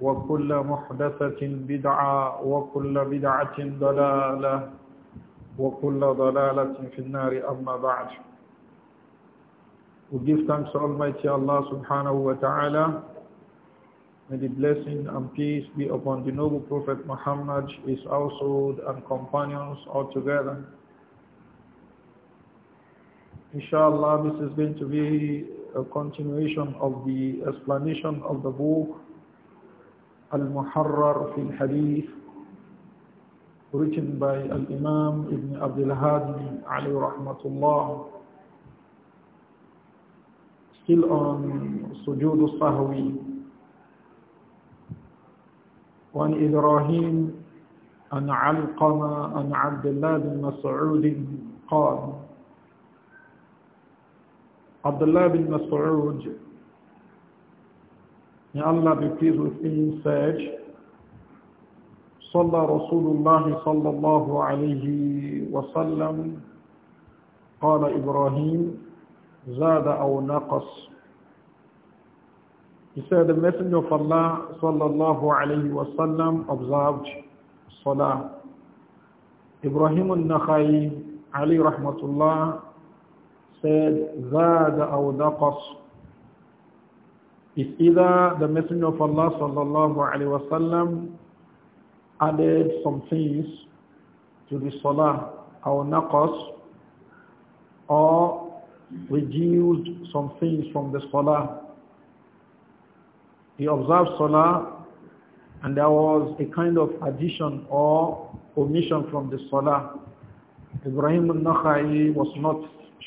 وكل محدثة بدعة وكل بدعة ضلالة وكل ضلالة في النار أما بعد We give thanks to Almighty Allah subhanahu wa ta'ala May the blessing and peace be upon the noble Prophet Muhammad, his household and companions all together. Inshallah, this is going to be a continuation of the explanation of the book المحرر في الحديث written by الإمام ابن عبد الهادي عليه رحمة الله still on سجود الصهوي وعن إبراهيم أن علقم أن عبد الله بن مسعود قال عبد الله بن مسعود May Allah be pleased with him, said, صلى رسول الله صلى الله عليه وسلم قال إبراهيم زاد أو نقص He said the messenger of Allah صلى الله عليه وسلم observed Salah Ibrahim al-Nakhai Ali rahmatullah said زاد أو نقص is either the Messenger of Allah sallallahu alaihi wasallam added some things to the salah or naqas or reduced some things from the salah. He observed salah and there was a kind of addition or omission from the salah. Ibrahim al-Nakhai was not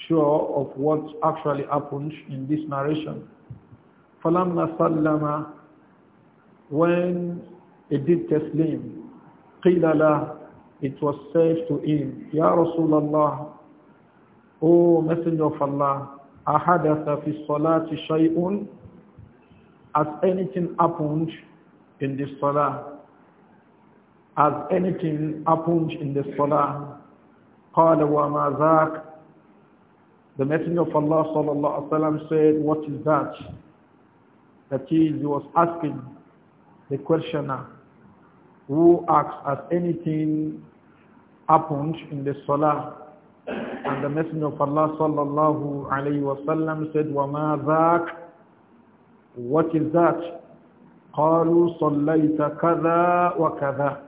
sure of what actually happened in this narration. فَلَمَّا سَلَّمَ When he did taslim, قِيلَ لَهُ It was said to him, Ya Rasulullah, O Messenger of Allah, أَحَدَثَ فِي الصَّلَاةِ شَيْءٌ as anything happened in this salah? as anything happened in the salah? قَالَ وَمَا ذَاكَ The Messenger of Allah sallallahu alaihi wasallam said, what is that? That is, he was asking the questioner who asks as anything happened in the salah. And the Messenger of Allah sallallahu alayhi wa sallam said, وَمَا ذَاكَ What is that? قَالُوا صَلَّيْتَ كَذَا وَكَذَا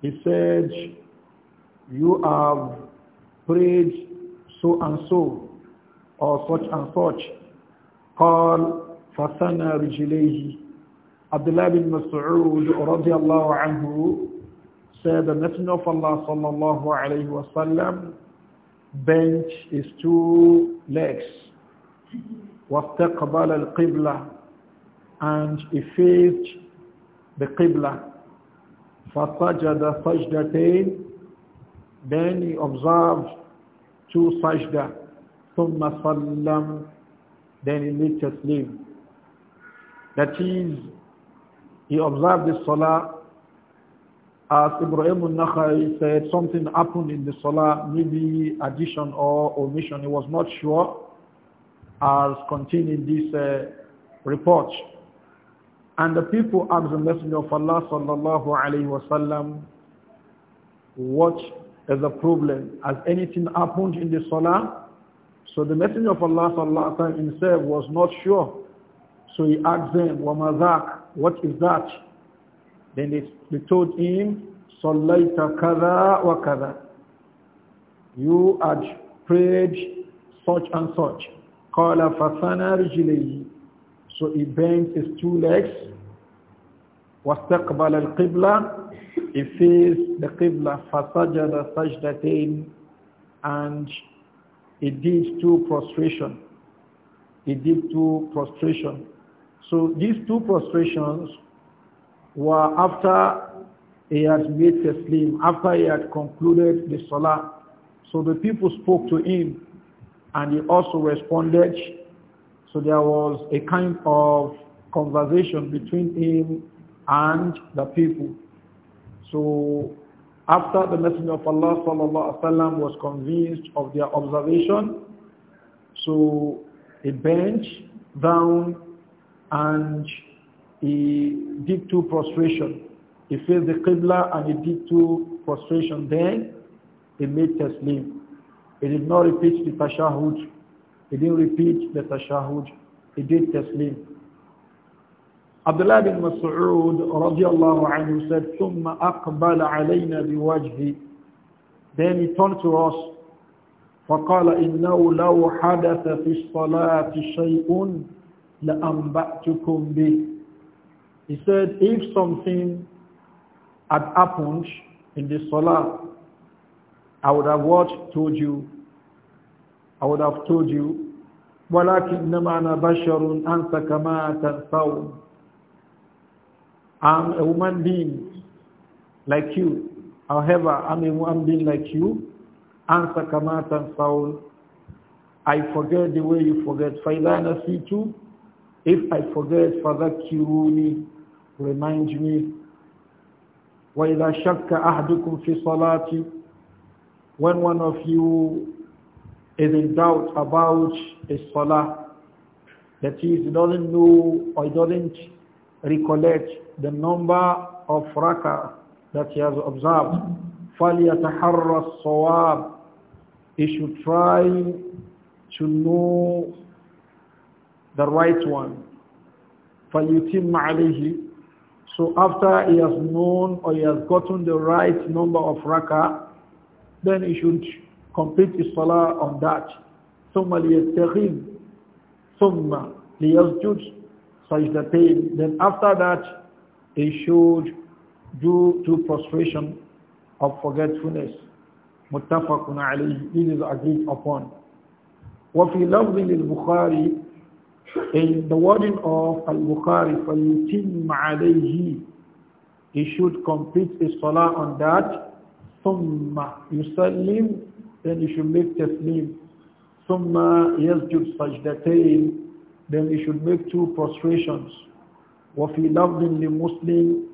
He said, you have prayed so and so, or such and such. قَالُوا فثنى رجليه Abdullah bin رَضِيَ اللَّهُ عَنْهُ. said the Messenger of Allah صلى الله عليه وسلم bent his two legs واستقبل القبلة and he faced the Qibla فسجد سجدتين then he observed two sajda ثم سلم then he lit a sleeve that is, he observed the salah as Ibrahim al-Nakhai said, something happened in the salah, maybe addition or omission. He was not sure as contained this uh, report. And the people asked the Messenger of Allah sallallahu alayhi wasallam, what is the problem? Has anything happened in the salah? So the Messenger of Allah sallallahu alayhi wa himself was not sure so he asked them, Wamazak, what is that? Then they, they told him, Salaita kada wa kada. You had prayed such and such. Qala fasana rijlayhi. So he bent his two legs. al qibla, He faced the Qibla. that سجدتين And he did two prostration. He did two prostration. So these two prostrations were after he had made Taslim, after he had concluded the Salah. So the people spoke to him and he also responded. So there was a kind of conversation between him and the people. So after the Messenger of Allah sallallahu alaihi wasallam was convinced of their observation, so he bent down and he did two prostration. He faced the Qibla and he did two prostration. Then he made Taslim. He did not repeat the Tashahud. He didn't repeat the Tashahud. He did Taslim. Abdullah bin Mas'ud radiallahu anhu said, ثُمَّ أَقْبَلَ عَلَيْنَا بِوَجْهِ Then he turned to us. فَقَالَ إِنَّهُ لَوْ حَدَثَ فِي الصَّلَاةِ شَيْءٌ لَأَنْبَأْتُكُمْ بِهِ He said, if something had happened in the solar, I would have what? Told you. I would have told you. وَلَكِنَّمَا أَنَا بَشَرٌ أَنْتَ كَمَا تَنْسَوْنَ I'm a human being like you. However, I'm a human being like you. Answer Kamat Saul. I forget the way you forget. فَإِذَا نَسِيتُ if I forget, Father Kiruni, remind me. وَإِذَا شَكَّ أَحْدُكُمْ فِي صَلَاتِ When one of you is in doubt about his salah, that is, he doesn't know or doesn't recollect the number of rakah that he has observed. فَلْيَتَحَرَّ الصَّوَابِ He should try to know the right one. فَلْيُتِمَّ عَلَيْهِ So after he has known or he has gotten the right number of raka, then he should complete his salah on that. ثُمَّ لِيَتَّخِذْ ثُمَّ لِيَسْجُدْ سَجْدَتَيْنِ Then after that, he should do to prostration of forgetfulness. Muttafaqun عليه This is agreed upon. وفي لفظ للبخاري in the wording of Al-Bukhari, فَلْيُتِمَّ عَلَيْهِ He should complete his salah on that. ثُمَّ يُسَلِّمْ Then he should make taslim. ثُمَّ يَسْجُدْ سَجْدَتَيْنِ Then he should make two prostrations. وَفِي لَفْضٍ لِمُسْلِمٍ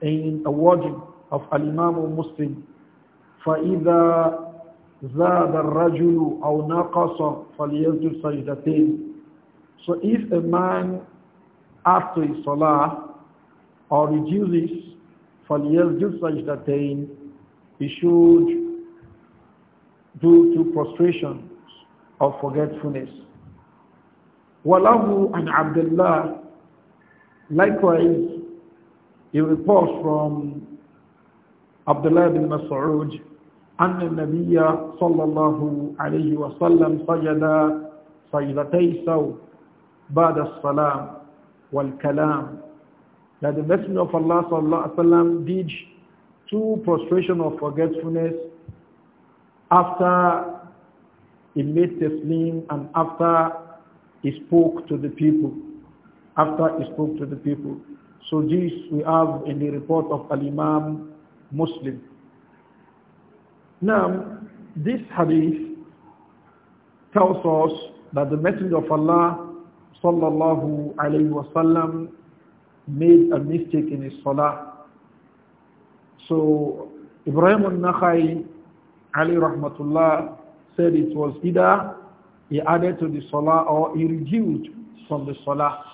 In the wording of Al-Imam Muslim, فَإِذَا زاد الرجل أو نقص فليسجد سجدتين so if a man after his salah or reduces for years do such that he should do to prostrations of forgetfulness. Walahu and Abdullah, likewise, he reports from Abdullah bin Mas'ud, أن النبي صلى الله عليه وسلم سجد سجدتي سوء بعد الصلاة والكلام that the Messenger of Allah sallallahu alaihi wasallam did two prostration of forgetfulness after he made taslim and after he spoke to the people after he spoke to the people so this we have in the report of al-imam muslim now this hadith tells us that the messenger of allah sallallahu alayhi wasallam made a mistake in his salah. So Ibrahim al-Nakhai, Ali rahmatullah, said it was either he added to the salah or he reduced from the salah.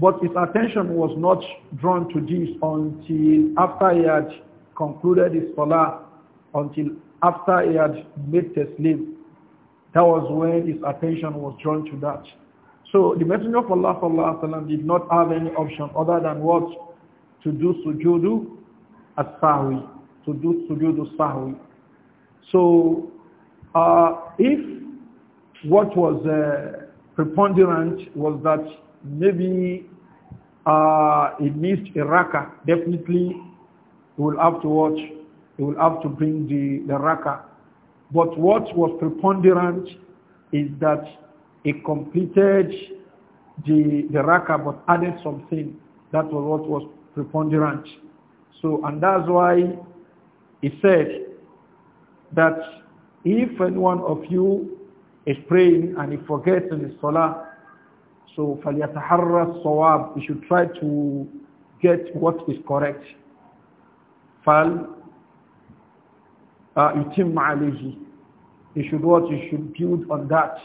But his attention was not drawn to this until after he had concluded his salah, until after he had made the sleep. That was when his attention was drawn to that. So the Messenger of Allah sallallahu sallam, did not have any option other than what? To do sujudu as-sahwi, to do sujudu sahwi. So uh, if what was uh, preponderant was that maybe uh, it missed a raka, definitely you will have to watch, you will have to bring the, the raka. But what was preponderant is that he completed the, the raka, but added something. That was what was preponderant. So, and that's why he said that if any one of you is praying and he forgets in his salah, so فَلْيَتَحَرَّ الصَّوَابِ He should try to get what is correct. Fal, يُتِمْ uh, عَلَيْهِ He should what? He should build on that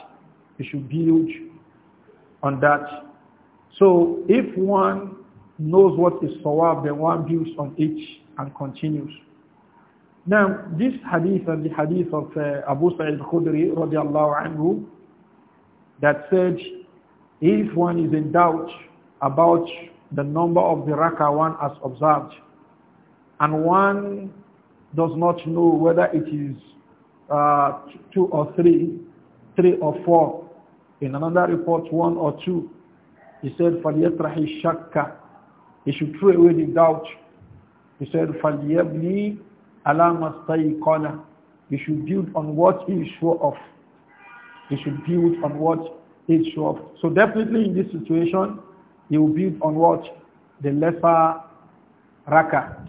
you should build on that. So if one knows what is sawab, then one builds on it and continues. Now, this hadith and the hadith of uh, Abu Sa'id Khudri radiallahu anhu that said, if one is in doubt about the number of the rakah one has observed, and one does not know whether it is uh, two or three, three or four, in another report, one or two, he said, فَلْيَطْرَحِ الشَّكَّ He should throw away the doubt. He said, فَلْيَبْنِي عَلَى مَسْتَيْقَنَ He should build on what he is sure of. He should build on what he is sure of. So definitely in this situation, he will build on what? The lesser raka.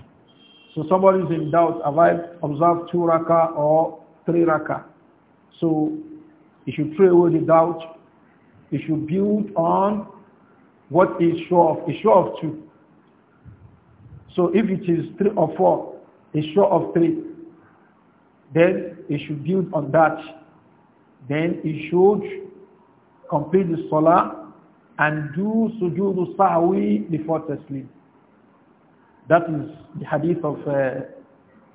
So somebody is in doubt, have I observed two raka or three raka? So he should throw away the doubt it should build on what is sure of. It's sure of two. So if it is three or four, it's sure of three. Then it should build on that. Then it should complete the solar and do sujood sahwi before taslim. That is the hadith of uh,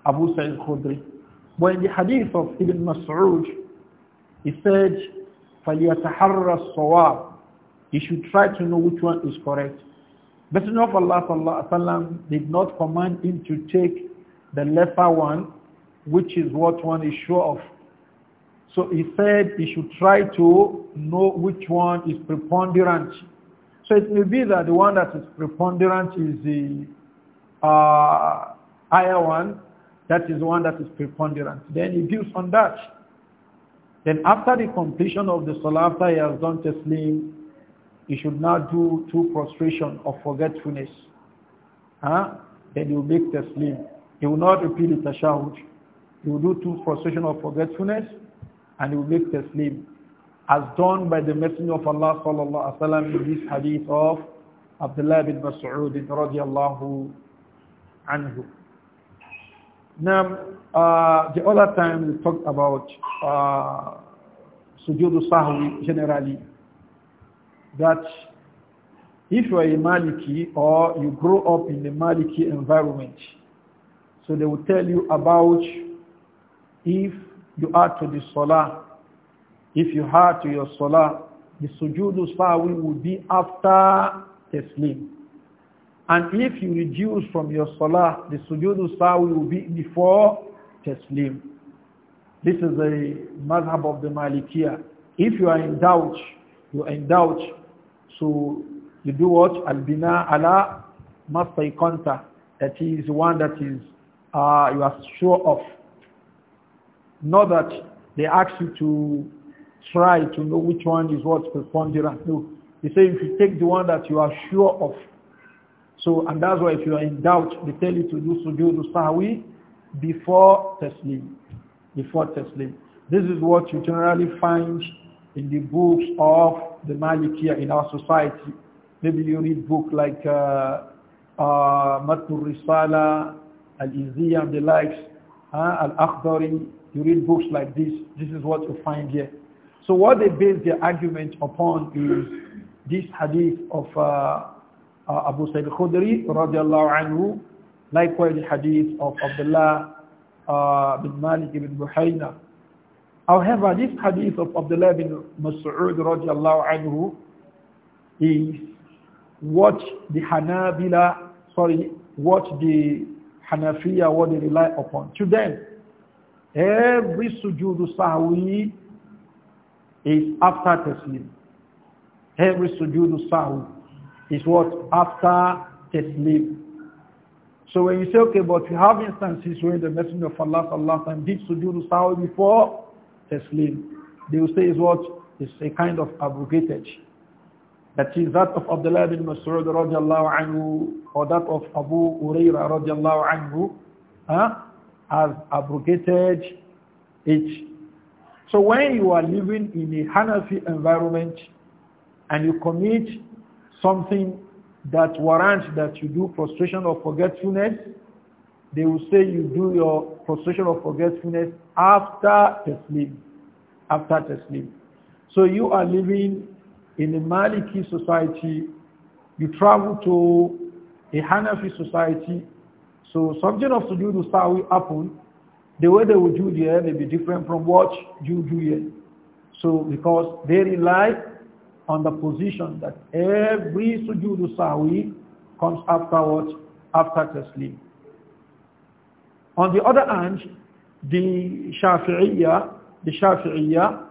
Abu Sa'id Khudri. When the hadith of Ibn Mas'ud, he said, فَلْيَتَحَرَّ الصَّوَابِ He should try to know which one is correct. Messenger of Allah sallallahu alaihi wasallam did not command him to take the lesser one, which is what one is sure of. So he said he should try to know which one is preponderant. So it may be that the one that is preponderant is the uh, higher one. That is the one that is preponderant. Then he builds on that. Then after the completion of the salah, after he has done taslim, he should not do two prostration of forgetfulness. Huh? Then he will make taslim. He will not repeat the tashahud. He will do two prostration of forgetfulness and he will make taslim. As done by the Messenger of Allah sallallahu alayhi wasallam in this hadith of Abdullah bin Mas'ud radiyallahu anhu. Now, uh, the other time we talked about uh, sahwi generally. That if you are a Maliki or you grow up in a Maliki environment, so they will tell you about if you add to the salah, if you add to your salah, the sujood sahwi will be after taslim. And if you reduce from your salah, the sujood sahwi will be before taslim. This is the madhab of the Malikiya. If you are in doubt, you are in doubt, so you do what? Al-bina ala mastaiqanta. That is one that is uh, you are sure of. Not that they ask you to try to know which one is what preponderant. No. They say if you take the one that you are sure of. So, and that's why if you are in doubt, they tell you to do sujood sahwi before Teslim. Before Taslim. This is what you generally find in the books of the Malikiya in our society. Maybe you read book like Matur uh, uh Risala, al iziyah and the likes, uh, Al-Akhdari. You read books like this. This is what you find here. So what they base their argument upon is this hadith of uh, uh, Abu Sa'id Khudri radiallahu anhu Likewise, the hadith of Abdullah uh, bin Malik ibn Buhayna. However, this hadith of Abdullah bin Mas'ud radiallahu anhu is what the Hanabila, sorry, what the Hanafiya, what they rely upon. To them, every sujood sahwi is after taslim. Every sujood sahwi is what? After taslim. So when you say, okay, but you have instances where the Messenger of Allah sallallahu and did sujood sahwi before taslim, they will say is what? It's a kind of abrogated. That is that of Abdullah bin Mas'ud radiallahu anhu or that of Abu Uraira radiallahu anhu huh, has abrogated it. So when you are living in a Hanafi environment and you commit something that warrant that you do prostration or forgetfulness, they will say you do your prostration or forgetfulness after the sleep, After the sleep. So you are living in a Maliki society, you travel to a Hanafi society, so something of start with happen, the way they will do there may be different from what you do here. So because they rely on the position that every sujood sawi comes afterwards, after taslim. On the other hand, the Shafi'iyya, the Shafi'iyya,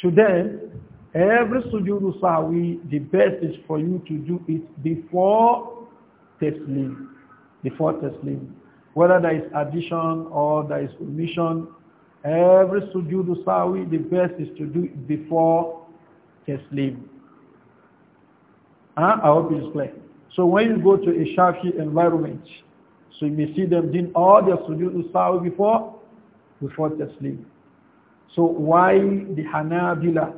to them, every sujood sawi, the best is for you to do it before taslim, before taslim. Whether there is addition or there is omission, every sujood sawi, the best is to do it before sleep. Huh? I hope it's clear. So when you go to a Shafi environment, so you may see them doing all their sujood sawi before, before sleep. So why the Hanabila?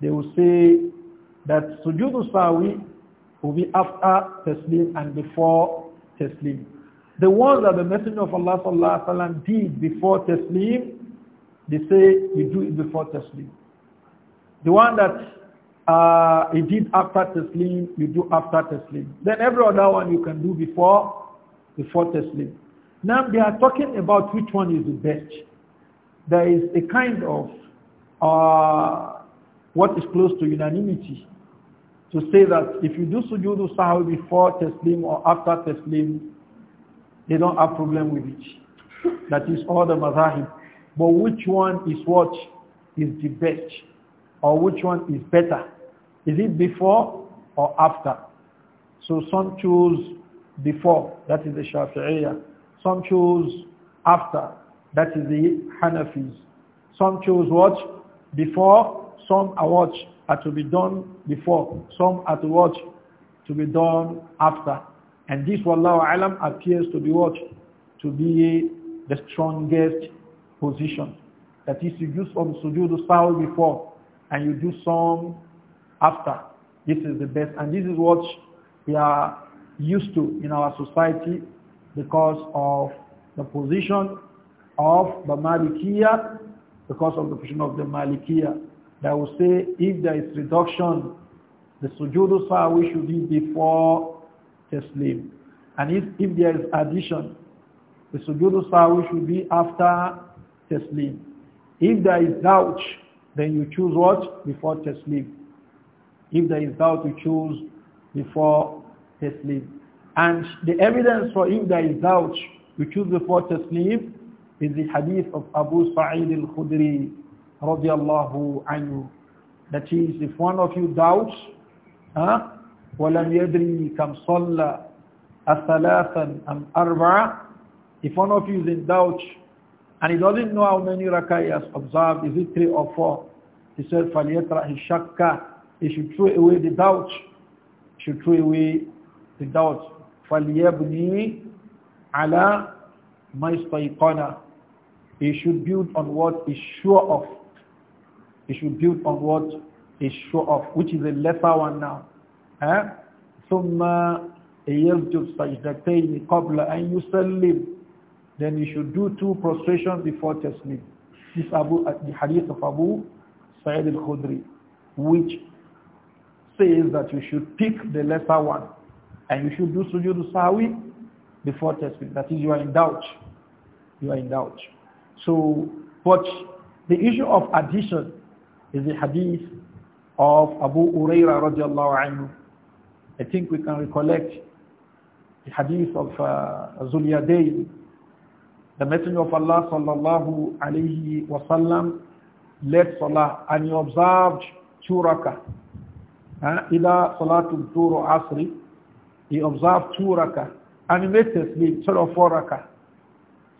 They will say that sujood sawi will be after sleep and before sleep. The ones that the Messenger of Allah sallallahu alaihi wasallam did before taslim, they say you do it before taslim. The one that uh, he did after Taslim, you do after Taslim. Then every other one you can do before, before Taslim. Now they are talking about which one is the best. There is a kind of uh, what is close to unanimity to say that if you do sujood sahwi before Taslim or after Taslim, they don't have problem with it. That is all the mazahib. But which one is what is the best? or which one is better? Is it before or after? So some choose before, that is the Shafi'iyah. Some choose after, that is the Hanafis. Some choose what? Before, some are what? Are to be done before, some are to watch to be done after. And this, Wallahu Alam, appears to be what? To be the strongest position. That is, the do some sujood before, and you do some after. This is the best. And this is what we are used to in our society because of the position of the Malikiya, because of the position of the Malikiya. They will say if there is reduction, the sujood we should do before taslim. And if, if there is addition, the sujood we should be after taslim. If there is doubt, then you choose what? Before taslim. If there is doubt, you choose before taslim. And the evidence for if there is doubt, you choose before taslim is the hadith of Abu Sa'id al-Khudri radiallahu anhu. That is, if one of you doubts, huh? وَلَمْ يَدْرِي كَمْ صَلَّى أَثَلَاثًا أَمْ أَرْبَعًا If one of you is in doubt and he doesn't know how many rakah he has observed. Is it three or four? He said, فَلْيَتْرَحِ hishakka, He should throw away the doubt. He should throw away the doubt. فَلْيَبْنِي ala مَا اسْتَيْقَنَ He should build on what is sure of. He should build on what is sure of, which is a lesser one now. ثُمَّ يَرْجُ السَّجْدَتَيْنِ قَبْلَ أَن يُسَلِّمُ then you should do two prostration before taslim. This Abu, uh, the hadith of Abu Sa'id al-Khudri, which says that you should pick the lesser one and you should do sujood Sahwi before taslim. That is, you are in doubt. You are in doubt. So, but the issue of addition is the hadith of Abu Urayra radiallahu anhu. I think we can recollect the hadith of uh, Zuliyaday the Messenger of Allah sallallahu alayhi wasallam left salah and he observed two rakah. Ila salatul duru asri. He observed two raka, and he made three or four raka.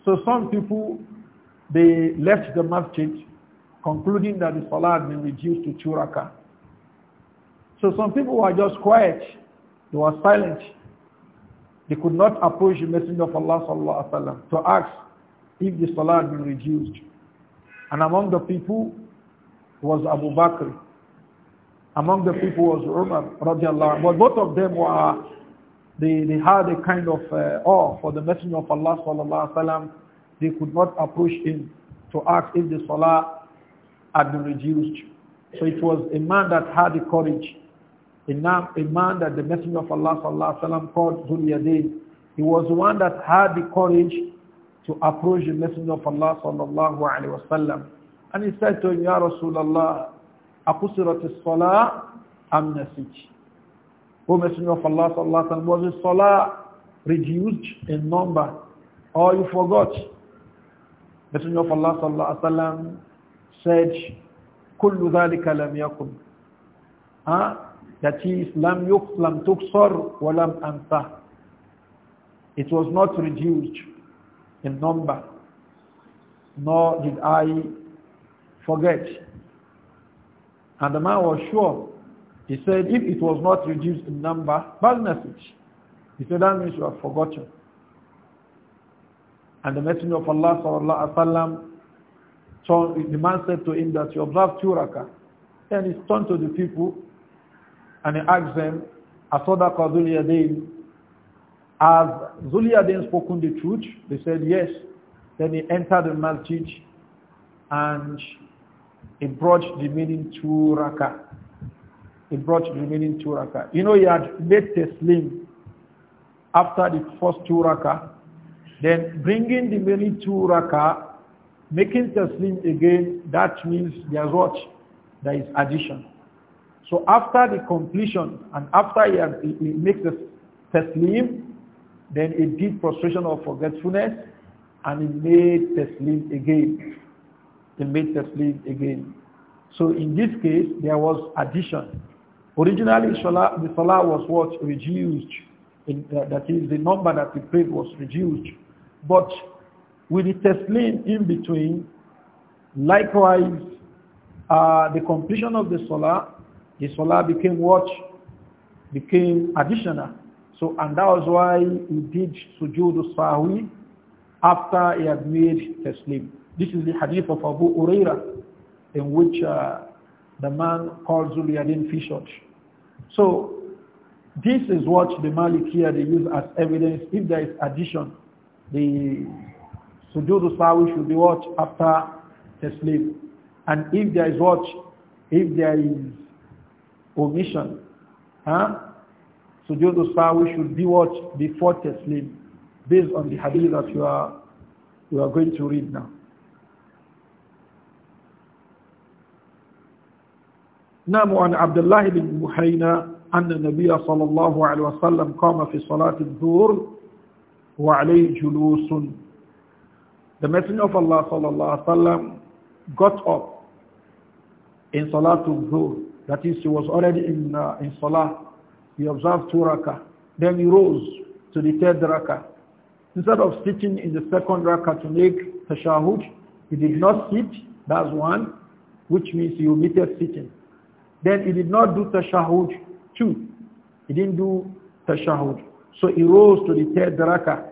So some people, they left the masjid concluding that the salah had been reduced to two raka. So some people were just quiet. They were silent. They could not approach the Messenger of Allah sallallahu alaihi wasallam to ask if the salah had been reduced. And among the people was Abu Bakr. Among the people was Umar radiallahu But both of them were, they, they had a kind of uh, awe for the Messenger of Allah sallallahu They could not approach him to ask if the salah had been reduced. So it was a man that had the courage. A, a man that the Messenger of Allah sallallahu called Zul He was the one that had the courage to approach the Messenger of Allah sallallahu alayhi wasallam. And he said to him, Ya Rasulallah, أقصرت الصلاة أم نسيت O Messenger of Allah sallallahu alayhi wasallam, was the salah reduced in number or you forgot? Messenger of Allah sallallahu alayhi wasallam said, كل ذلك لم يكن huh? that is لم يقصر ولم أنتهى it was not reduced in number, nor did I forget. And the man was sure. He said, if it was not reduced in number, bad message. He said, that means you have forgotten. And the Messenger of Allah sallallahu alaihi wasallam, the man said to him that you observe two rakah. Then he turned to the people and he asked them, "Asada qadul yadayn as Zulia then spoken the truth? They said, yes. Then he entered the masjid and he brought the meaning to Raqqa. He brought the meaning to Raqqa. You know, he had made Teslim after the first two Raqqa. Then bringing the meaning to Raqqa, making Teslim again, that means there's what? There is addition. So after the completion and after he, had, he, he makes the Teslim, then a deep prostration of forgetfulness and he made taslim again. He made taslim again. So in this case, there was addition. Originally, the salah was what? Reduced. In, uh, that is, the number that we prayed was reduced. But with the taslim in between, likewise, uh, the completion of the salah, the salah became what? Became additional. So, and that was why he did sujood sahwi after he had made the sleep. This is the hadith of Abu Uraira in which uh, the man called Zuliadin Fishot. So, this is what the Malik here they use as evidence. If there is addition, the sujood sahwi should be watched After the sleep. And if there is what? If there is omission, huh? sujood we should be what? Before taslim, based on the hadith that you are, you are going to read now. نام عن عبد الله بن محينا أن النبي صلى الله عليه وسلم قام في صلاة الظهر وعليه جلوس The Messenger of Allah صلى الله عليه وسلم got up in Salatul Dhuhr. That is, he was already in, uh, in Salah he observed two rakah. Then he rose to the third rakah. Instead of sitting in the second rakah to make tashahud, he did not sit. That's one, which means he omitted sitting. Then he did not do tashahud. Two, he didn't do tashahud. So he rose to the third rakah.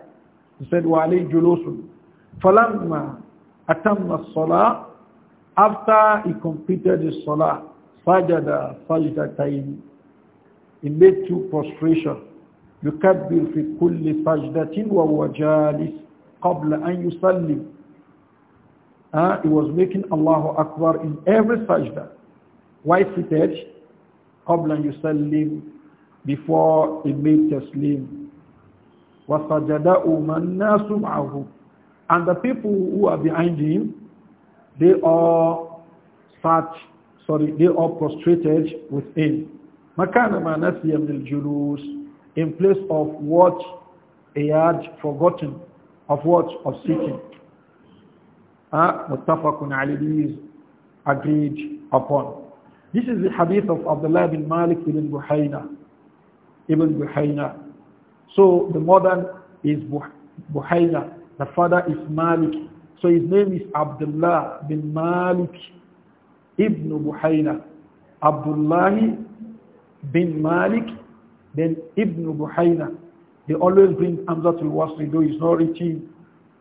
He said, وَعَلَيْهِ جُلُوسٌ فَلَمَّا أَتَمَّ الصَّلَاةِ After he completed his salah, فَجَدَ فَجْدَتَيْنِ he made to prostration. يكبر في كل سجدة وهو جالس قبل أن يسلم. Uh, he was making Allahu Akbar in every sajda. Why seated? قبل أن يسلم before he made taslim. وَسَجَدَأُ مَنْ نَاسُ مَعَهُ And the people who are behind him, they all sat, sorry, they all prostrated with him. Makana ma min julus in place of what he had forgotten, of what? Of sitting. Ah, muttafaqun alayhi is agreed upon. This is the hadith of Abdullah bin Malik ibn Buhayna. Ibn Buhayna. So the mother is Buhayna. The father is Malik. So his name is Abdullah bin Malik ibn Buhayna. Abdullah bin Malik, then Ibn Buhayna. They always bring Amza to Wasri, though it's not reaching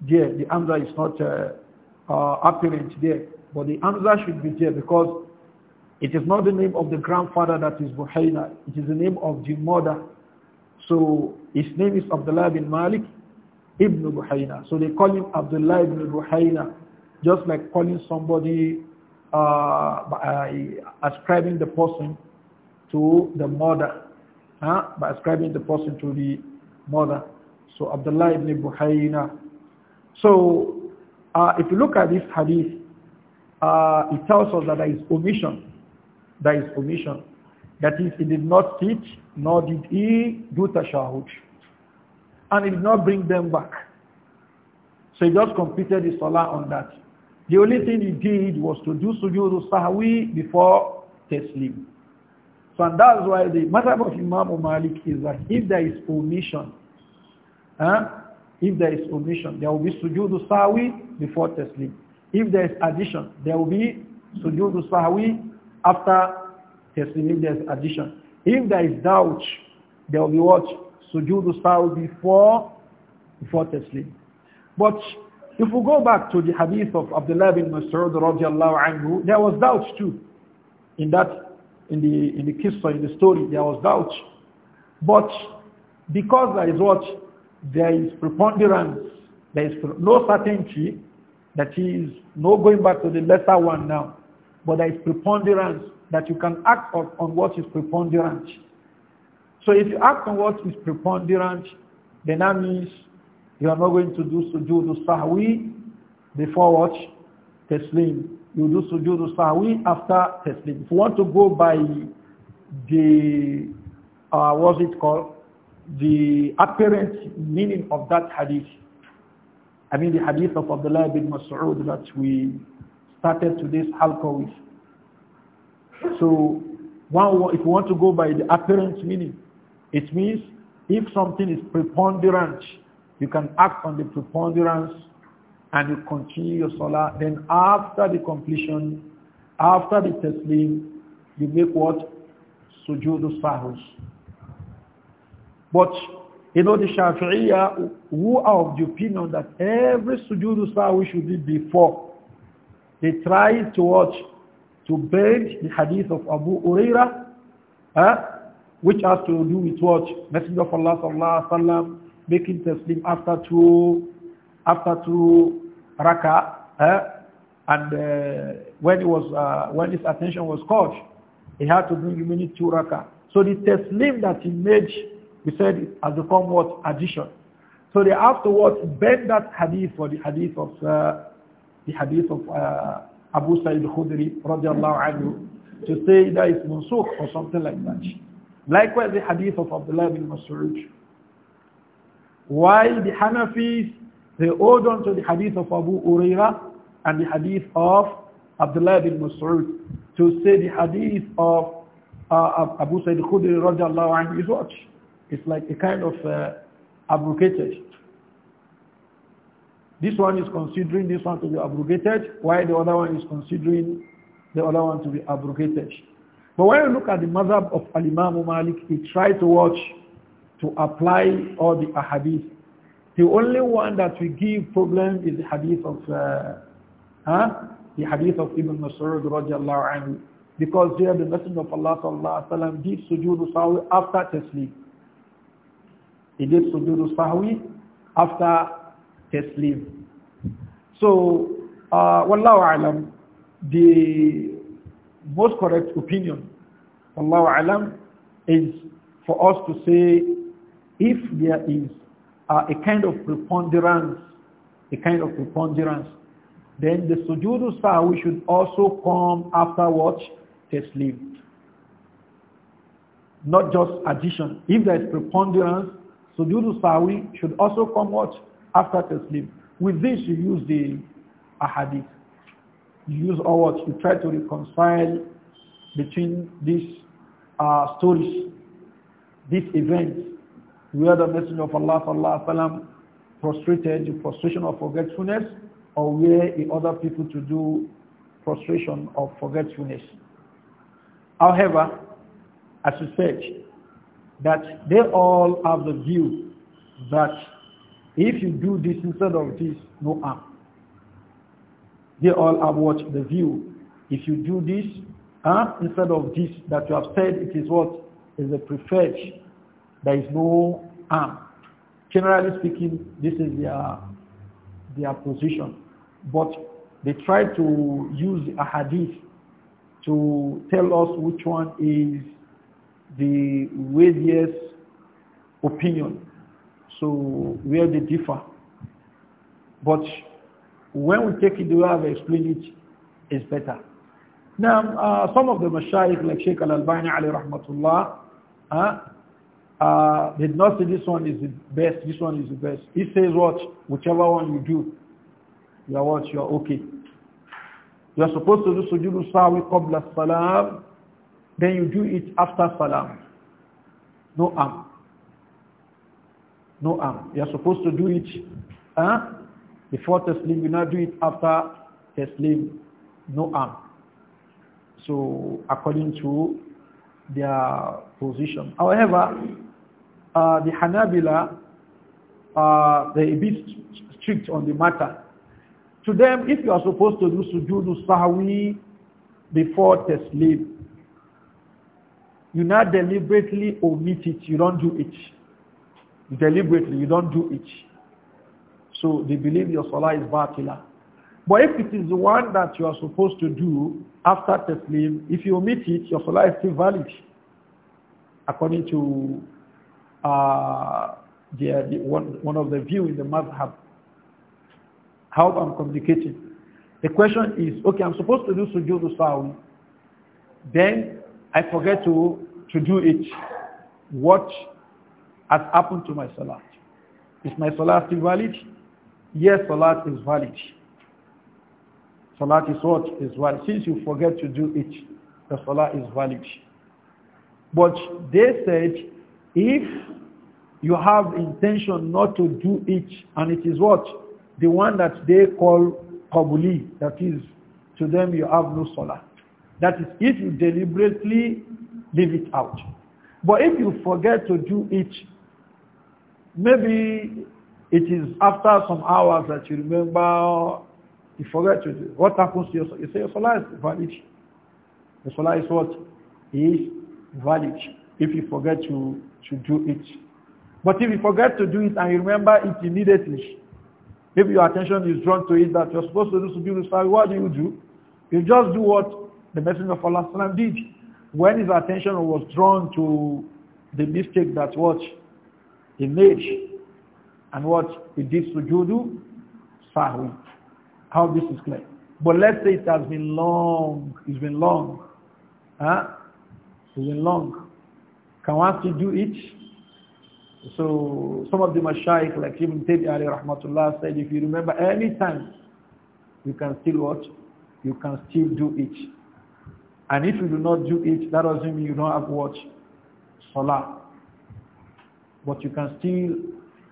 there. The Amza is not uh, uh, apparent there. But the Amza should be there because it is not the name of the grandfather that is Buhayna. It is the name of the mother. So his name is Abdullah bin Malik ibn Buhayna. So they call him Abdullah ibn Buhayna, just like calling somebody, uh, by uh, ascribing the person to the mother, huh? by ascribing the person to the mother. So Abdullah ibn Buhayna. So uh, if you look at this hadith, uh, it tells us that there is omission. There is omission. That is, he did not teach, nor did he do tashahud. And he did not bring them back. So he just completed his salah on that. The only thing he did was to do sujood sahwi before taslim. So and that's why the matter of Imam Malik is that if there is omission, huh? if there is omission, there will be sujood sawi before taslim. If there is addition, there will be sujood sawi after taslim. If there is addition, if there is doubt, there will be what sujood sawi before before taslim. But if we go back to the hadith of Abdullah bin Mas'ud there was doubt too in that in the in the kissa, in the story, there was doubt. But because there is what? There is preponderance, there is no certainty, that is no going back to the lesser one now, but there is preponderance that you can act on, on what is preponderant. So if you act on what is preponderant, then that means you are not going to do the sahwi before what? Taslim. You do sujood sahwi after Taslim. If you want to go by the, uh, what's it called? The apparent meaning of that hadith. I mean the hadith of Abdullah bin Mas'ud that we started today's halqa with. So one, if you want to go by the apparent meaning, it means if something is preponderant, you can act on the preponderance and you continue your salah. Then after the completion, after the taslim, you make what? Sujood sahus. But you know the Shafi'iyya who are of the opinion that every sujood sahwi should be before. They try to watch, to bend the hadith of Abu Uraira, eh, which has to do with what? Messenger of Allah sallallahu alaihi wasallam making taslim after two after two Raqqa, eh? and uh, when, it was, uh, when his attention was caught, he had to bring many two Raqqa. So the taslim that he made, we said, it has become what? Addition. So they afterwards bend that hadith for the hadith of, uh, the hadith of uh, Abu Sa'id Khudri, radiallahu anhu, to say that it's musuk or something like that. Likewise, the hadith of Abdullah bin Mas'ud. While the Hanafis they hold on to the hadith of Abu Uraira and the hadith of Abdullah bin Mas'ud to say the hadith of uh, Abu Sayyid Khudri radiallahu anhu is what? It's like a kind of uh, abrogated. This one is considering this one to be abrogated, while the other one is considering the other one to be abrogated. But when you look at the mazhab of Al-Imam Malik, he tried to watch, to apply all the ahadith the only one that we give problem is the hadith of uh, huh? the hadith of Ibn Mas'ud radiallahu anhu. Because there the Messenger of Allah sallallahu alayhi wa did sujood sahwi after taslim. He did sujood sahwi after taslim. So, uh, wallahu alam, the most correct opinion, wallahu alam, is for us to say if there is uh, a kind of preponderance, a kind of preponderance. Then the sujood sahwi should also come afterwards taslim. Not just addition. If there is preponderance, sujood sahwi should also come what? After taslim. With this you use the ahadith. You use all what? You try to reconcile between these uh, stories, these events where the Messenger of Allah sallallahu alaihi prostrated prostration of forgetfulness or where he other people to do prostration of forgetfulness. However, as we said, that they all have the view that if you do this instead of this, no harm. They all have what the view. If you do this huh, instead of this that you have said, it is what is the preferred there is no harm. Generally speaking, this is their, their position. But they try to use a hadith to tell us which one is the weightiest opinion. So where they differ. But when we take it we have explained it, is better. Now, uh, some of the mashayikh like Sheikh Al-Albani Ali, rahmatullah, uh, uh, did not say this one is the best, this one is the best. He says what? Whichever one you do, you are what? You are okay. You are supposed to do sujood sawi qabla salam, then you do it after salam. No arm. No arm. You are supposed to do it huh? before taslim, you now do it after taslim. No arm. So according to their position. However, uh, the Hanabila, uh, they be a bit strict on the matter. To them, if you are supposed to do sujood sahwi before sleep, you not deliberately omit it, you don't do it. Deliberately, you don't do it. So they believe your salah is batila. But if it is the one that you are supposed to do after sleep, if you omit it, your salah is still valid according to uh, the one, one of the view in the madhab. How I'm communicating. The question is, okay, I'm supposed to do sujood sawi. Then I forget to, to do it. What has happened to my salat? Is my salat still valid? Yes, salat is valid. Salat is what? Is valid. Since you forget to do it, the salat is valid. But they said if you have intention not to do it, and it is what? The one that they call qabuli, that is, to them you have no salah. That is, if you deliberately leave it out. But if you forget to do it, maybe it is after some hours that you remember, you forget to do it. What happens to your salah? You say your salah is valid. Your salah is what? It is valid. if you forget to, to do it. But if you forget to do it and you remember it immediately, if your attention is drawn to it that you're supposed to do sujood sawi, what do you do? You just do what the Messenger of Allah did. When his attention was drawn to the mistake that what he made and what he did to sujood Sahwi. How this is clear. But let's say it has been long. It's been long. Huh? It's been long. Can one still do it? So some of the mashaykh like Ibn Ali rahmatullah said if you remember any time you can still watch, you can still do it. And if you do not do it, that doesn't mean you don't have watch salah. But you can still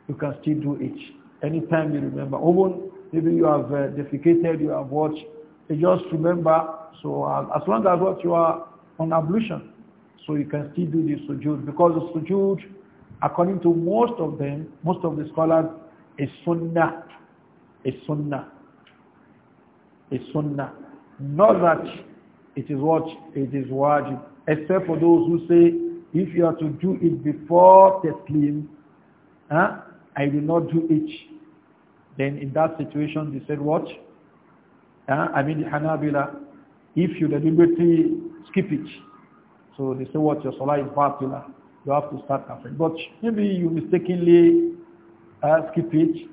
you can still do it. Anytime you remember. Even maybe you have uh, defecated, you have watched, just remember. So uh, as long as what you are on ablution, so you can still do the sujood because the sujood, according to most of them, most of the scholars, is sunnah. Is sunnah. Is sunnah. Not that it is what it is wajib. Except for those who say, if you are to do it before taslim, huh, I will not do it. Then in that situation, they said what? Huh? I mean, Hanabila, if you deliberately skip it, so they say what your salah is popular. You have to start afresh. But maybe you mistakenly uh, skip it.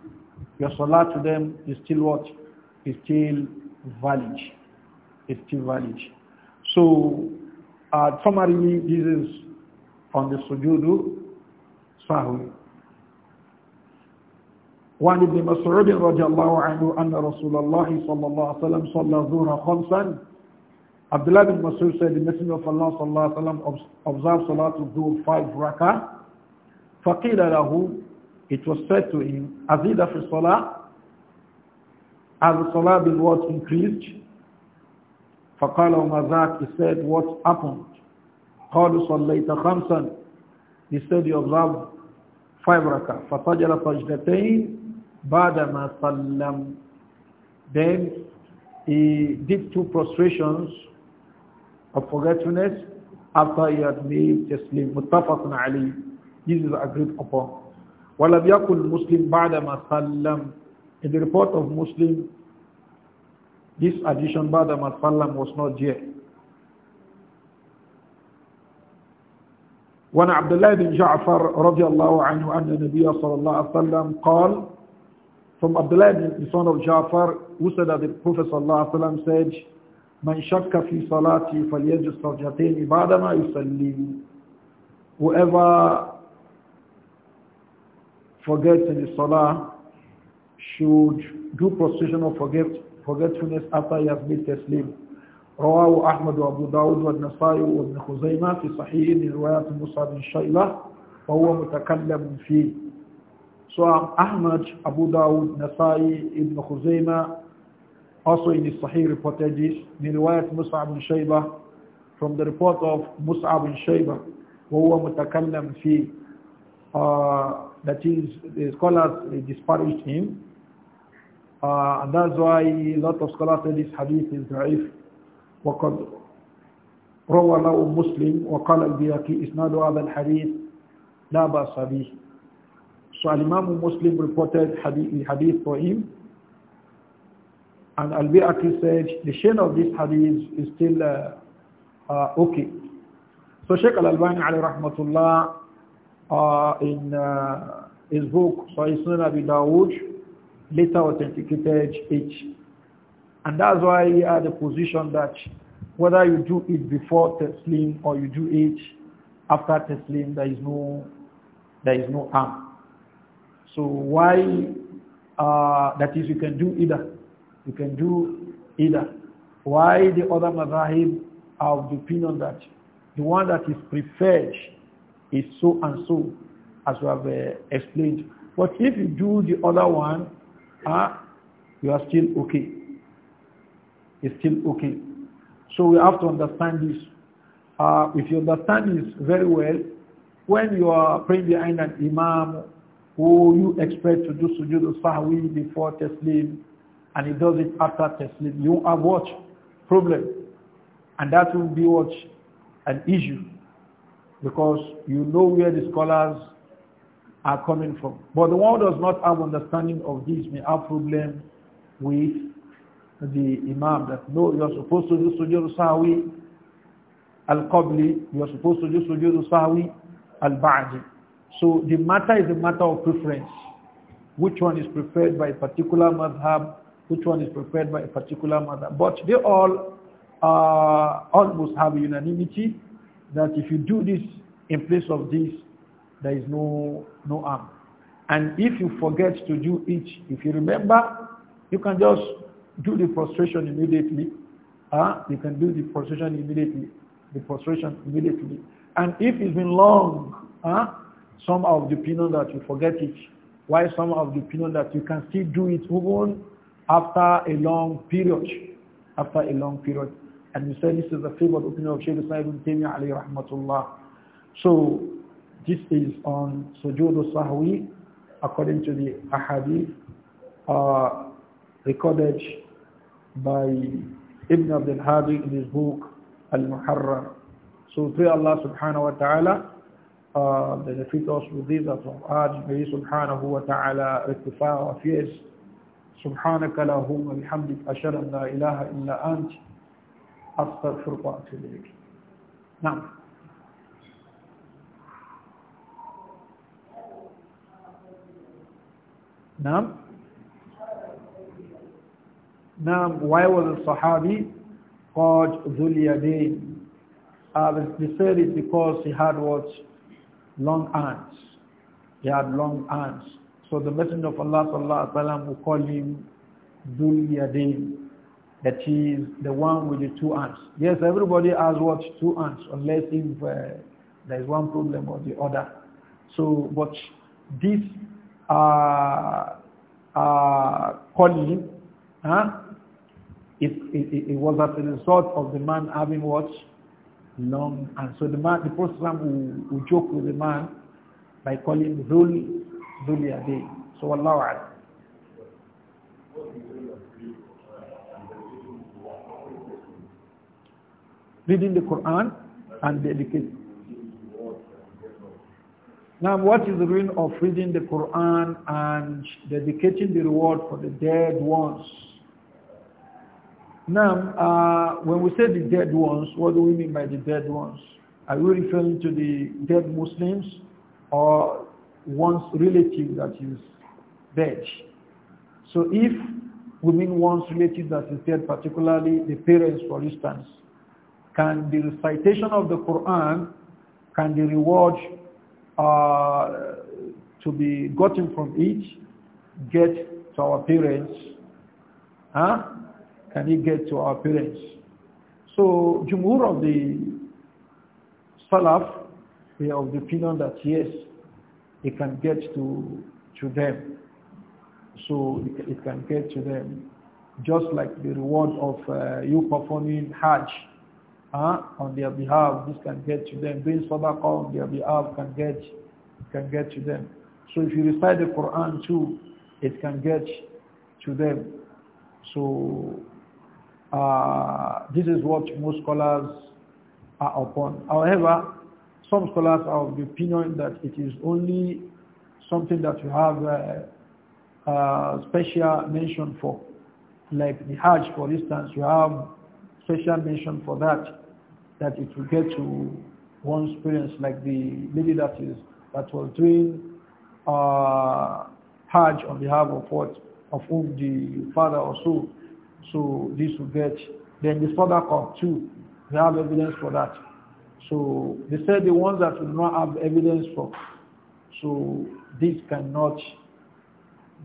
Your salah to them is still what? Is still valid. Is still valid. So uh, summarily, this is from the sujudu sahwi. وعن ابن مسعود رضي الله عنه أن رسول الله صلى الله عليه وسلم صلى الظهر خمسا Abdullah bin Masud said, the Messenger of Allah sallallahu alayhi wa observed observed Salatul Dhuhr five rakah. فَقِيلَ لَهُ It was said to him, أَزِيدَ فِي Salah, As the Salah bin what increased? فَقَالَ وَمَا He said, what happened? قَالُوا صَلَّيْتَ خَمْسًا He said, he observed five rakah. فَصَجَلَ صَجْدَتَيْنِ بَعْدَمَا صَلَّمْ Then he did two prostrations of forgetfulness after he had made Taslim. Muttafaqun alayh. This is agreed upon. وَلَمْ يَكُنْ مُسْلِمْ بَعْدَ مَا سَلَّمْ In the report of Muslim, this addition بعد ما سلم was not there. وعن عبد الله بن جعفر رضي الله عنه أن النبي صلى الله عليه وسلم قال from Abdullah ibn the son of Ja'far who said that the Prophet صلى الله عليه وسلم said من شك في صلاتي فليجلس ركعتين بعد ما يصلي whoever forgets in the salah should do prostration of forget, forgetfulness after he has made taslim رواه أحمد وأبو داود والنسائي وابن خزيمة في صحيح من رواية موسى بن شيلة فهو متكلم فيه سواء أحمد أبو داود نسائي ابن خزيمة also in the Sahih reported this, in the riwayat Mus'ab bin Shaybah, from the report of Mus'ab bin Shaybah, وَهُوَ مُتَكَلَّمْ فِي uh, That is, the scholars disparaged him. Uh, and that's why a lot of scholars say this hadith is ra'if. وَقَدْ روى له مسلم وقال البياكي إسناد هذا الحديث لا بأس به. So Imam Muslim reported the hadith for him And Al-Bi'aki said, the chain of this hadith is still uh, uh, okay. So Sheikh Al-Albani alayhi rahmatullah uh, in uh, his book Sahih Sunan Abi Dawud later authenticated it. And that's why he had a position that whether you do it before Teslim or you do it after Teslim, there is no, there is no harm. So why, uh, that is you can do either. You can do either. Why the other madhahib have the opinion that the one that is preferred is so and so, as we have uh, explained. But if you do the other one, uh, you are still okay. It's still okay. So we have to understand this. Uh, if you understand this very well, when you are praying behind an imam who you expect to do sujood al-sahwi before taslim, and he does it after Taslim, you have what? Problem. And that will be what? An issue. Because you know where the scholars are coming from. But the one who does not have understanding of this may have problem with the imam that no, you're supposed to do sujood sawi al-qabli, you're supposed to do sujood sawi al-ba'di. So the matter is a matter of preference. Which one is preferred by a particular madhab which one is prepared by a particular mother. But they all uh, almost have unanimity that if you do this in place of this, there is no, no harm. And if you forget to do each, if you remember, you can just do the prostration immediately. Uh, you can do the prostration immediately, the prostration immediately. And if it's been long, uh, some of the opinion that you forget it, why some of the opinion that you can still do it even after a long period. After a long period. And we say this is the favored opinion of Shaykh ibn Taymiyyah alayhi rahmatullah. So this is on sujood sahwi according to the ahadith uh, recorded by Ibn Abdul Hadi in his book Al-Muharrar. So pray Allah subhanahu wa ta'ala uh, benefit us with these as well. subhanahu wa ta'ala rectify our fears. سبحانك لا هم وبحمدك أشهد أن لا إله إلا أنت أستغفرك وأتوب إليك نعم نعم نعم why was the Sahabi called Dhul Yadain? Uh, said it because he had what? Long arms. He had long arms. So the Messenger of Allah sallallahu alaihi wasallam will call him that he that is the one with the two arms. Yes, everybody has what two arms, unless if uh, there is one problem or the other. So, but this uh, uh, calling, huh? It, it, it, was as a result of the man having what long, and so the man, the Prophet will, will joke with the man by calling him dunya day. So Allah Akbar. Reading the Quran and the Now, what is the ruin of reading the Quran and dedicating the reward for the dead ones? Now, uh, when we say the dead ones, what do we mean by the dead ones? Are we referring to the dead Muslims or one's relative that is dead. So if we mean one's relative that is dead, particularly the parents, for instance, can the recitation of the Quran, can the reward uh, to be gotten from it get to our parents? Huh? Can it get to our parents? So Jumur of the Salaf, we have of the opinion that yes, it can get to, to them. So it, it can get to them. Just like the reward of uh, you performing Hajj uh, on their behalf, this can get to them. Doing Sadaqah on their behalf can get, can get to them. So if you recite the Quran too, it can get to them. So uh, this is what most scholars are upon. However, some scholars are of the opinion that it is only something that you have a, uh, a uh, special mention for. Like the Hajj, for instance, you have special mention for that, that it will get to one's parents, like the lady that is that was doing uh, Hajj on behalf of what of whom the father or so. So this will get then the father comes too. We have evidence for that. So they said the ones that do not have evidence for, so this cannot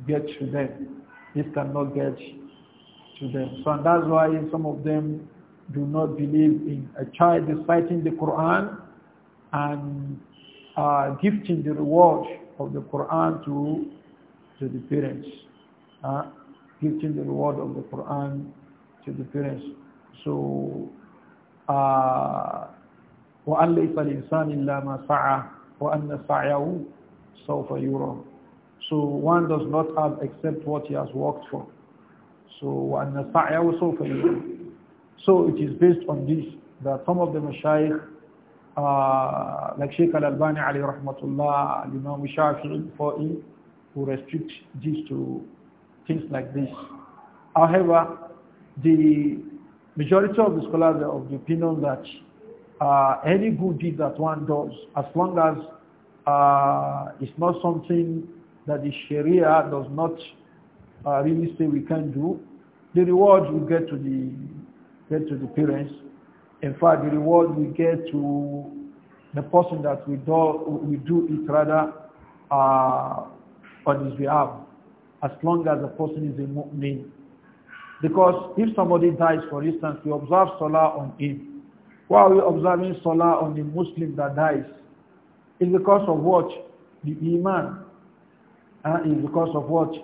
get to them. This cannot get to them. So and that's why some of them do not believe in a child reciting the Quran and uh, gifting the reward of the Quran to to the parents. Uh, gifting the reward of the Quran to the parents. So uh, وأن ليس الإنسان إلا ما سعى وأن سعيه سوف يرى So one does not have except what he has worked for. So وأن سعيه سوف يرى So it is based on this that some of the mashayikh uh, like Sheikh Al-Albani Ali Rahmatullah, Imam you know, for Fa'i, who restrict this to things like this. However, the majority of the scholars are of the opinion that uh, any good deed that one does, as long as uh, it's not something that the Sharia does not uh, really say we can do, the reward we get to the get to the parents. In fact, the reward we get to the person that we do we do it rather uh, on his behalf, as long as the person is a mu'min. Because if somebody dies, for instance, we observe salah on him. Why are we observing Salah on the Muslim that dies? It's because of what? The Iman. Uh, it's because of what?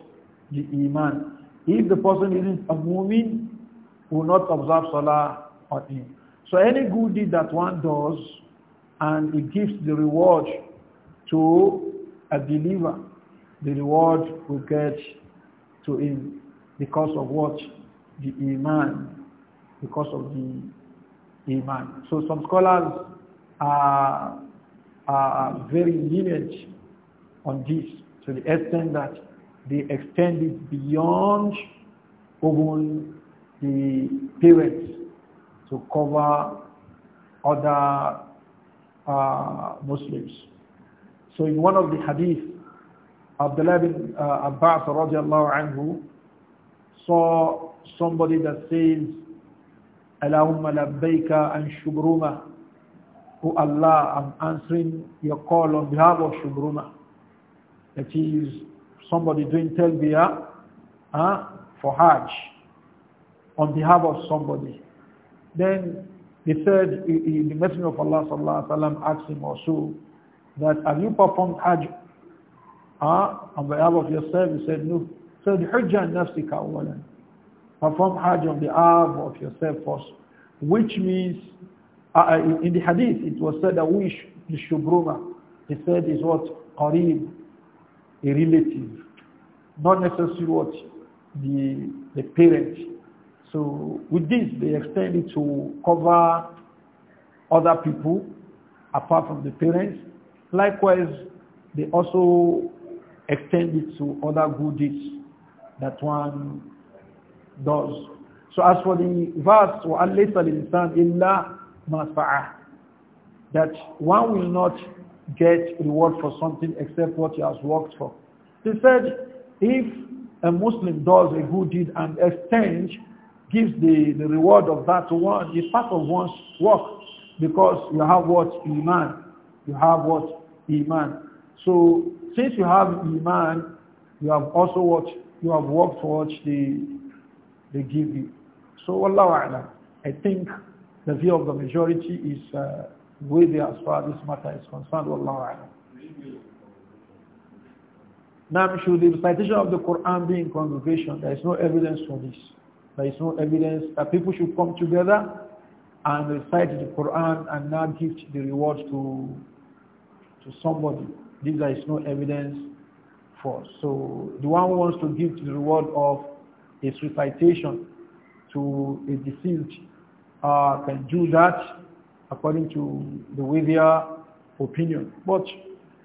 The Iman. If the person isn't a mu'min, will not observe Salah on him. So any good deed that one does, and it gives the reward to a believer, the reward will get to him because of what? The Iman. Because of the iman. So some scholars are, are very lenient on this to the extent that they extend it beyond even the parents to cover other uh, Muslims. So in one of the hadith, Abdullah bin uh, Abbas radiallahu anhu saw somebody that says Allahumma labbaika and Shubruma. Who Allah, am answering your call on behalf of Shubruma. That is somebody doing talbiyah ah, huh, for Hajj on behalf of somebody. Then he said, the Messenger of Allah sallallahu alaihi wasallam asked him also that, have you performed Hajj huh, ah, on behalf of yourself? He said, no. So the Hajj and Nafsika awalan perform Hajj on behalf of yourself first, which means uh, uh in, in, the hadith it was said that wish the shubruma, he said is what qareeb, a relative, not necessarily what the the parent. So with this they extend it to cover other people apart from the parents. Likewise, they also extend it to other goods that one does. So as for the verse, وَأَلَّيْسَ لِلْإِنسَانِ إِلَّا مَا سَعَى That one will not get reward for something except what he has worked for. He said, if a Muslim does a good deed and exchange gives the, the reward of that to one, it's part of one's work because you have what? Iman. You have what? Iman. So since you have Iman, you have also what? You have worked for what? The, they give you. So Allah A'lam, I think the view of the majority is uh, with as far as this matter is concerned. Allah A'lam. Now, should the recitation of the Quran be in congregation, there is no evidence for this. There is no evidence that people should come together and recite the Quran and not give the reward to, to somebody. This there is no evidence for. So the one who wants to give the reward of his recitation to a deceased uh, can do that according to the way their opinion. But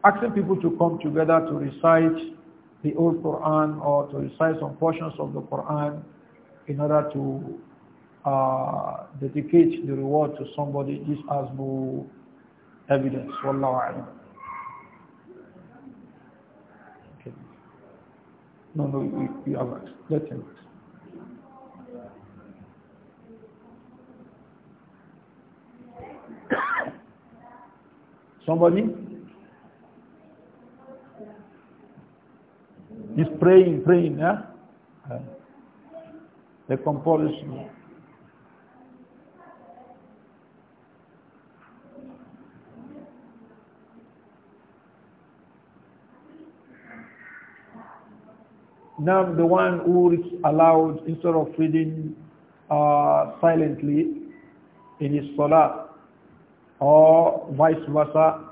asking people to come together to recite the old Quran or to recite some portions of the Quran in order to uh, dedicate the reward to somebody, this has no evidence. Wallahu alam. No, no, you, you have asked. Let him ask. Somebody is praying, praying, Yeah, The compulsion. Now the one who is allowed instead of reading uh, silently in his salah or vice versa?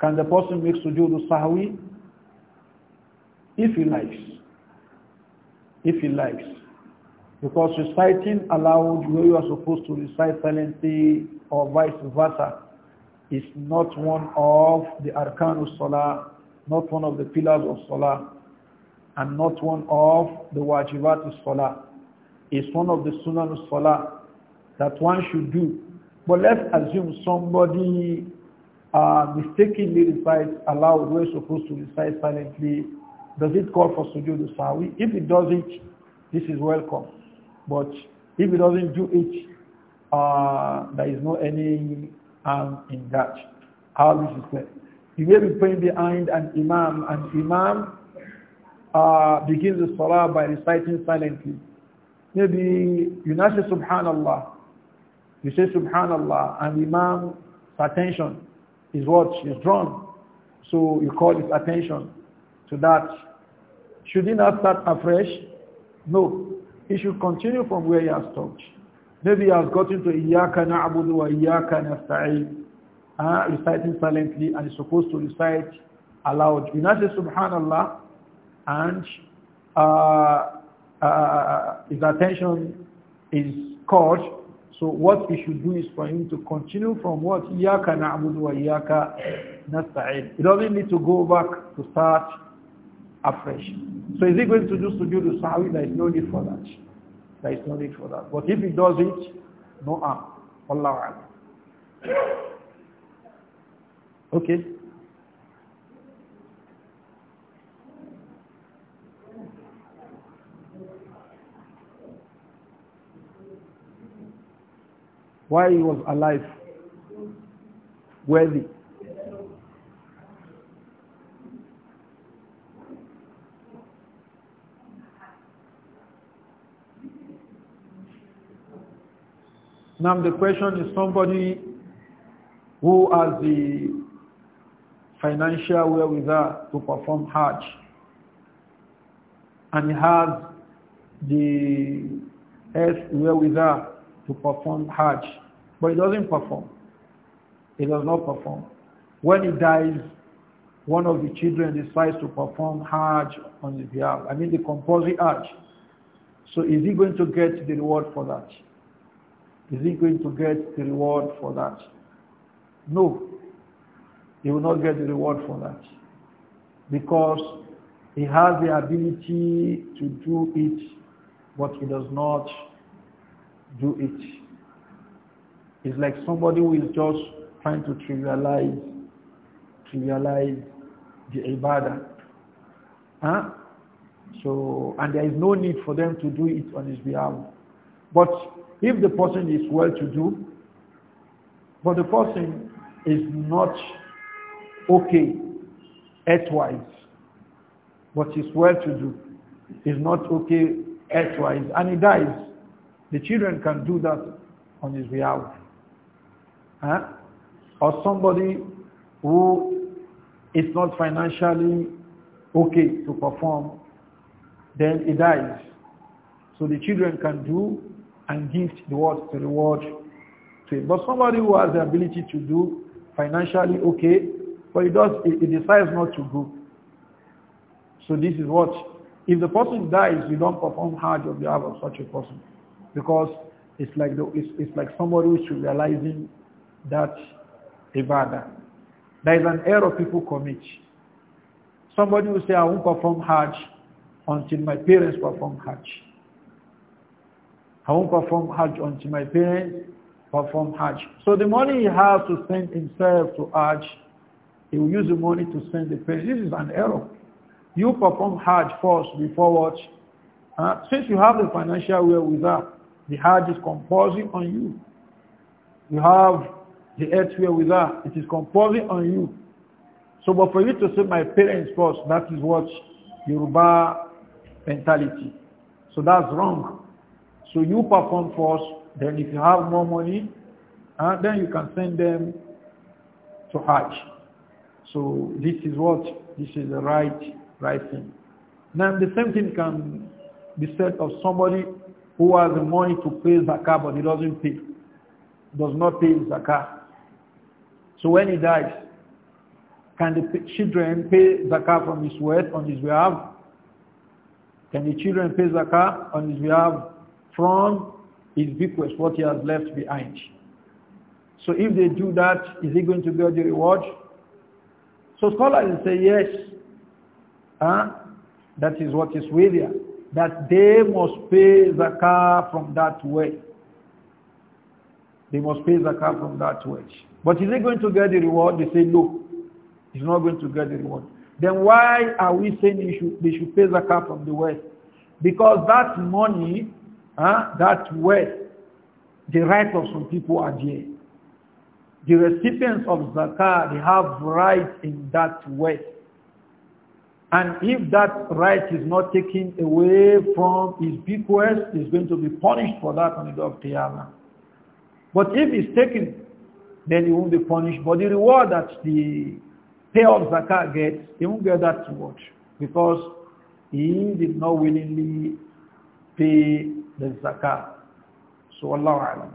Can the person make sujood sahwi? If he likes. If he likes. Because reciting aloud where you are supposed to recite silently or vice versa is not one of the arkanus salah, not one of the pillars of salah, and not one of the wajibat salah. It's one of the sunan salah that one should do but let's assume somebody uh, mistakenly recites aloud, we're supposed to recite silently. Does it call for sujood sawi? If it doesn't, this is welcome. But if it doesn't do it, uh, there is no any harm in that. How this is clear. You may be praying behind an imam, and imam uh, begins the salah by reciting silently. Maybe you now say subhanallah, you say subhanallah and imam's attention is what is drawn. So you call his attention to that. Should he not start afresh? No. He should continue from where he has stopped. Maybe he has gotten to Iyaka na'budu wa Iyaka nasta'in. Uh, reciting silently and is supposed to recite aloud. You not say subhanallah and uh, uh, uh, uh his attention is caught so what we should do is for him to continue from what Iyaka na'budu wa Iyaka nasta'id. He doesn't need to go back to start afresh. So is he going to do sujood sahwi? There is no need for that. There is no need for that. But if he does it, no harm. Allah Okay. while he was alive, worthy. Now the question is somebody who has the financial wherewithal to perform Hajj and he has the health wherewithal to perform Hajj but he doesn't perform. He does not perform. When he dies, one of the children decides to perform Hajj on his behalf. I mean the composite Hajj. So is he going to get the reward for that? Is he going to get the reward for that? No. He will not get the reward for that. Because he has the ability to do it, but he does not do it. It's like somebody who is just trying to trivialize, trivialize the ibadah. Huh? So, and there is no need for them to do it on his behalf. But if the person is well-to-do, but the person is not okay earthwise, but is well-to-do, is not okay earthwise, and he dies, the children can do that on his behalf huh? or somebody who is not financially okay to perform, then he dies. So the children can do and give the word to reward to But somebody who has the ability to do financially okay, but he does he decides not to go. So this is what if the person dies, you don't perform hajj on behalf of such a person. Because it's like the, it's, it's like somebody who is realizing that ibadah. There is an error people commit. Somebody will say, I won't perform Hajj until my parents perform Hajj. I won't perform Hajj until my parents perform Hajj. So the money he has to send himself to Hajj, he will use the money to send the parents. This is an error. You perform Hajj first before what? Uh, since you have the financial wherewithal, the Hajj is compulsory on you. You have the earth where with are It is composing on you. So, but for you to say my parents first, that is what Yoruba mentality. So that's wrong. So you perform first, then if you have more money, uh, then you can send them to Hajj. So this is what, this is the right, right thing. Now the same thing can be said of somebody who has the money to pay zakah but he doesn't pay, does not pay zakah. So when he dies, can the children pay zakah from his wealth on his behalf? Can the children pay zakah on his behalf from his bequest, what he has left behind? So if they do that, is he going to get the reward? So scholars say yes. Huh? That is what is with you. That they must pay zakah from that wealth. They must pay zakat from that wage. But is it going to get the reward? They say no. It's not going to get the reward. Then why are we saying they should, they should pay zakat from the wealth? Because that money, huh, that wealth, the rights of some people are there. The recipients of zakat, they have rights in that wealth. And if that right is not taken away from his bequest, he's going to be punished for that on the day of Tiyama. But if it's taken, then he won't be punished. But the reward that the payer of zakat gets, he won't get that reward because he did not willingly pay the zakat. So Allah Alam.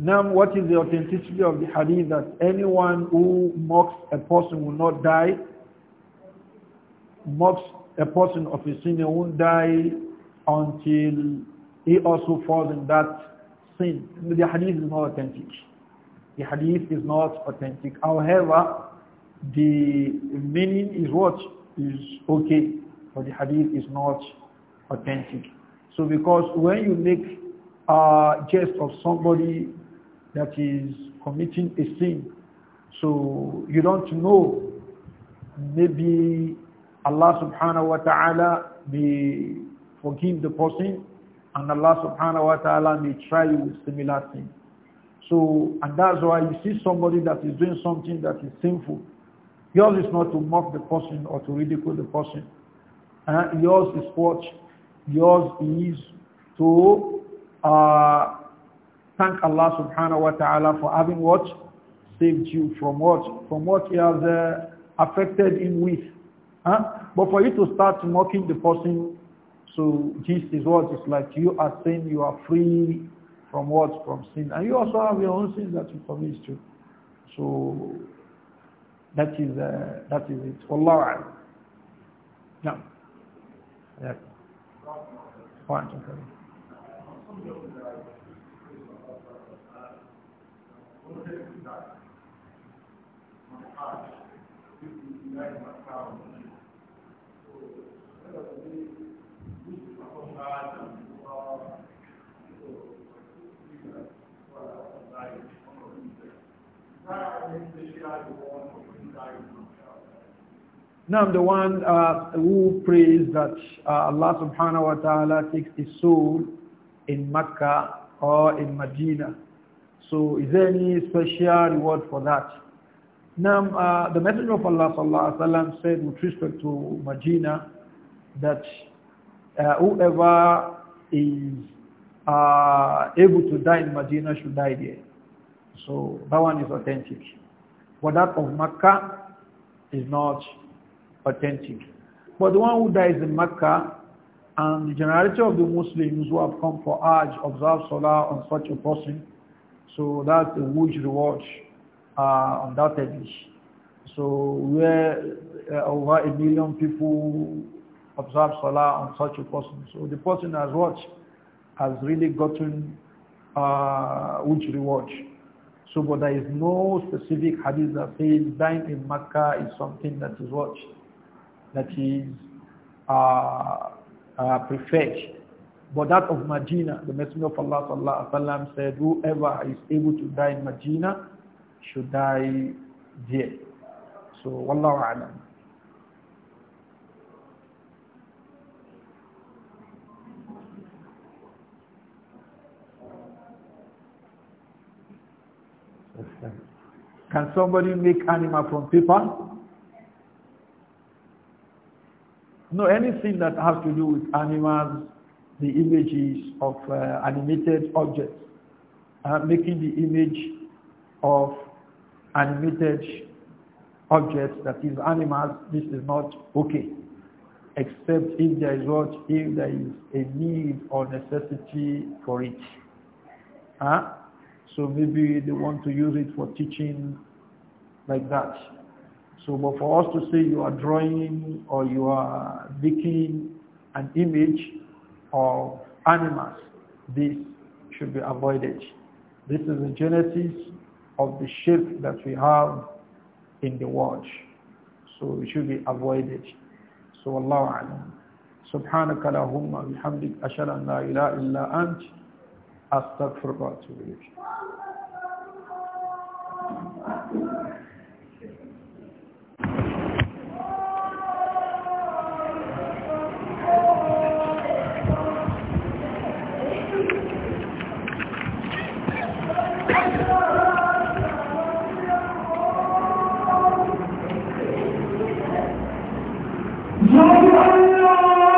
Now, what is the authenticity of the hadith that anyone who mocks a person will not die? Mocks a person of a sin, won't die until he also falls in that sin. The hadith is not authentic. The hadith is not authentic. However, the meaning is what is okay, but the hadith is not authentic. So because when you make a jest of somebody that is committing a sin. So you don't know. Maybe Allah subhanahu wa ta'ala may forgive the person and Allah subhanahu wa ta'ala may try you with similar thing. So, and that's why you see somebody that is doing something that is sinful. Yours is not to mock the person or to ridicule the person. Uh, yours is what? Yours is to uh, thank Allah subhanahu wa ta'ala for having what? Saved you from what? From what you have uh, affected him with. Huh? But for you to start mocking the person, so this is what it's like. You are saying you are free from what? From sin. And you also have your own sins that you promised to. So that is, uh, that is it. Wallahu a'lam. Yeah. Fine. Okay. Now I'm the one uh, who prays that uh, Allah subhanahu wa ta'ala takes his soul in Mecca or in Medina so is there any special reward for that? Now, uh, the Messenger of Allah sallallahu alaihi wasallam said with respect to Medina that uh, whoever is uh, able to die in Medina should die there. So that one is authentic. But that of Makkah is not authentic. But the one who dies in Makkah and the generality of the Muslims who have come for Hajj observe Salah on such a person, so that's a huge reward uh, undoubtedly. So where uh, over a million people observe Salah on such a person. So the person has what? Has really gotten uh, huge reward. So but there is no specific hadith that says dying in Makkah is something that is what? That is uh, uh, preferred. But that of Medina, the Messenger of Allah sallallahu alaihi wasallam said, whoever is able to die in Medina should die there. So, wallahu alam. Can somebody make animal from paper? No, anything that has to do with animals, the images of uh, animated objects, uh, making the image of animated objects, that is animals, this is not okay. Except if there is what, if there is a need or necessity for it. Huh? So maybe they want to use it for teaching like that. So but for us to say you are drawing or you are making an image of animals. This should be avoided. This is the genesis of the shape that we have in the world. So it should be avoided. So Allah alam. سبحانك اللهم وبحمدك أشهد أن لا إله إلا أنت أستغفرك وأتوب إليك.